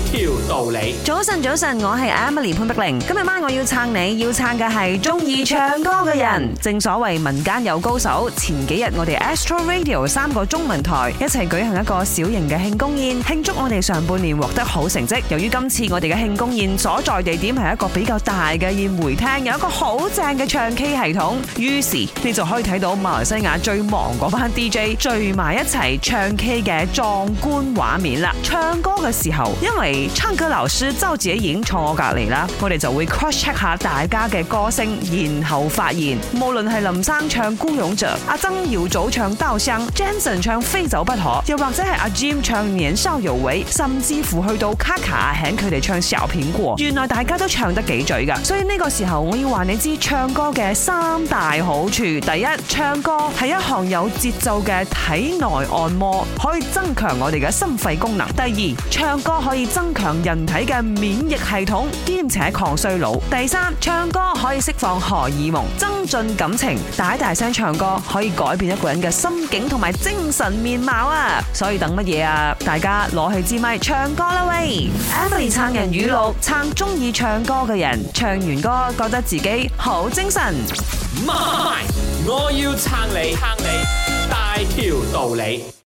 條道理。早晨，早晨，我係 Emily 潘碧玲。今日晚我要撐你，要撐嘅係中意唱歌嘅人。正所謂民間有高手。前幾日我哋 Astro Radio 三個中文台一齊舉行一個小型嘅慶功宴，慶祝我哋上半年獲得好成績。由於今次我哋嘅慶功宴所在地點係一個比較大嘅宴會廳，有一個好正嘅唱 K 系統，於是你就可以睇到馬來西亞最忙嗰班 DJ 聚埋一齊唱 K 嘅壯觀畫面啦。唱歌嘅時候，因為唱歌老師周子演坐我隔籬啦，我哋就會 cross check 下大家嘅歌聲，然後發現無論係林生唱孤勇者，阿曾耀祖唱刀聲，Jason 唱非走不可，又或者係阿 Jim 唱年少有為，甚至乎去到卡卡阿響佢哋唱小蘋果，原來大家都唱得幾嘴噶。所以呢個時候我要話你知唱歌嘅三大好處：第一，唱歌係一項有節奏嘅體內按摩，可以增強我哋嘅心肺功能；第二，唱歌可以，增強人體嘅免疫系統，兼且抗衰老。第三，唱歌可以釋放荷爾蒙，增進感情。大大聲唱歌可以改變一個人嘅心境同埋精神面貌啊！所以等乜嘢啊？大家攞去支咪唱歌啦喂！every 撐人語錄，撐鍾意唱歌嘅人，唱完歌覺得自己好精神。媽咪，我要撐你，撐你大條道理。